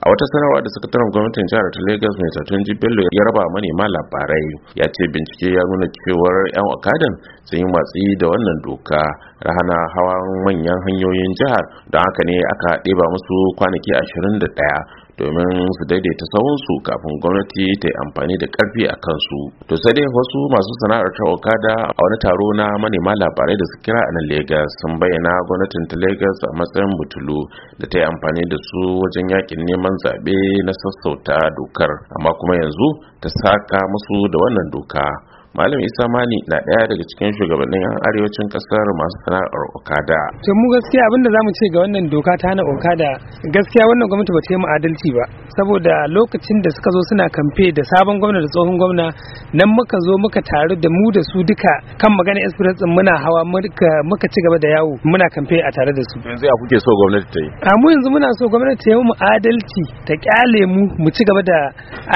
a wata sanarwa da sakataren gwamnatin jihar ta lagos mai satun bello ya raba manema labarai ya ce bincike ya nuna cewar yan okadan sun yi matsi da wannan doka rahana hawan manyan hanyoyin jihar don haka ne aka ɗeba musu kwanaki ashirin da ɗaya domin su daidaita tsawonsu, kafin gwamnati ta yi amfani da karfi a kansu to sai dai wasu masu sana'ar ta okada a wani taro na manema labarai da su kira a nan Legas sun bayyana gwamnatin ta Legas a matsayin butulu da ta yi amfani da su wajen yakin neman zaɓe na sassauta dokar amma kuma yanzu ta saka musu da wannan doka malam isa Mani na ɗaya daga cikin shugabannin yan arewacin ƙasar masu sana'ar okada to mu gaskiya abinda zamu ce ga wannan doka ta hana okada gaskiya wannan gwamnati ba ta yi mu adalci ba saboda lokacin da suka zo suna kamfe da sabon gwamna da tsohon gwamna nan muka zo muka taru da mu da su duka kan magana express din muna hawa muka ci gaba da yawo muna kamfe a tare da su yanzu ya kuke so gwamnati ta yi a mu yanzu muna so gwamnati ta yi mu adalci ta kyale mu mu ci gaba da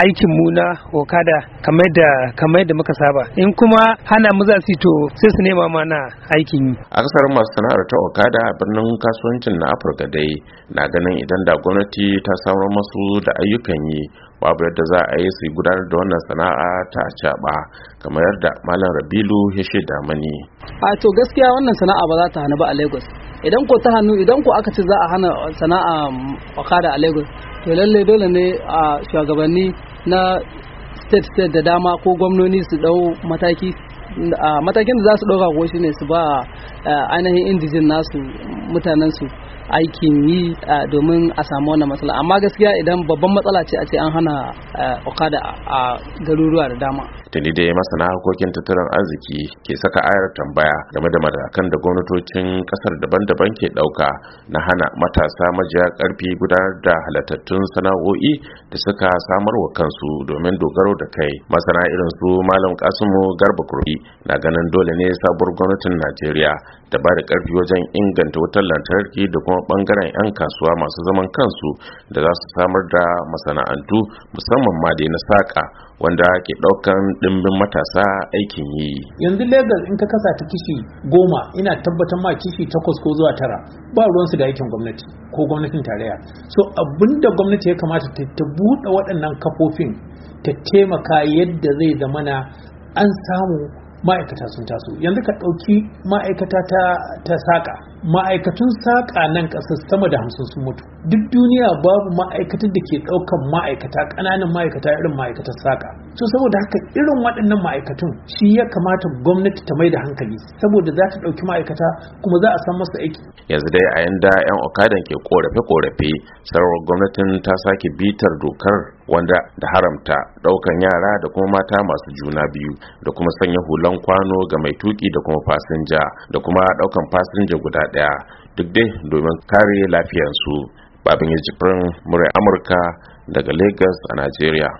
aikin mu na okada kamar da kamar da muka saba in kuma hana mu za su to sai su nema mana aikin yi a kasar masu sana'ar ta okada birnin kasuwancin na afirka dai na ganin idan da gwamnati ta samar masu da ayyukan yi babu yadda za a yi su gudanar da wannan sana'a ta caɓa kamar yadda malam rabilu ya shaida mani a to gaskiya wannan sana'a ba za ta hana ba a lagos idan ko ta hannu idan ko aka ce za a hana sana'a Wakada a lagos to lalle dole ne a shugabanni na state state da dama ko gwamnoni su dau mataki matakin da za su dauka ko shine ne su ba ainihin indijin nasu mutanensu aikin yi eh, domin a samu wannan matsala amma gaskiya idan babban matsala ce a ce an hana eh, okada a garuruwa da dama tuni dai masana harkokin tattalin arziki ke saka ayar tambaya game da matakan da gwamnatocin kasar daban-daban ke dauka na hana matasa majiya karfi gudanar da halattattun sana'o'i da suka samar wa kansu domin dogaro da kai masana irin su malam kasimu garba kurfi na ganin dole ne sabuwar gwamnatin najeriya da ba da karfi wajen inganta wutar lantarki da kuma bangaren 'yan kasuwa masu zaman kansu da za su samar da masana'antu musamman ma dai na saƙa wanda ke ɗaukan dimbin matasa aikin yi yanzu Legas in ka kasa ta kishi goma ina tabbatar ma kishi takwas ko zuwa tara ba ruwan su da aikin gwamnati ko gwamnatin tarayya so abinda gwamnati ya kamata ta buɗe waɗannan kafofin ta taimaka yadda zai zamana an samu ma'aikata sun taso yanzu ka ɗauki ma'aikata ta saƙa ma'aikatun saƙa nan ƙasar sama da hamsin sun mutu duk duniya babu ma'aikatar da ke ɗaukan ma'aikata ƙananan ma'aikata irin ma'aikatar saƙa so saboda haka irin waɗannan ma'aikatun shi ya kamata gwamnati ta mai da hankali saboda za ta ɗauki ma'aikata kuma za a san masa aiki yanzu dai a yanda 'yan okadan ke ƙorafe korafe sarwar gwamnatin ta sake bitar dokar wanda da haramta daukan yara da kuma mata masu juna biyu da kuma sanya hulan kwano ga mai tuki da kuma fasinja da kuma daukan fasinja guda daya duk dai domin kare lafiyarsu babin yajifin farin murai amurka daga lagos a nigeria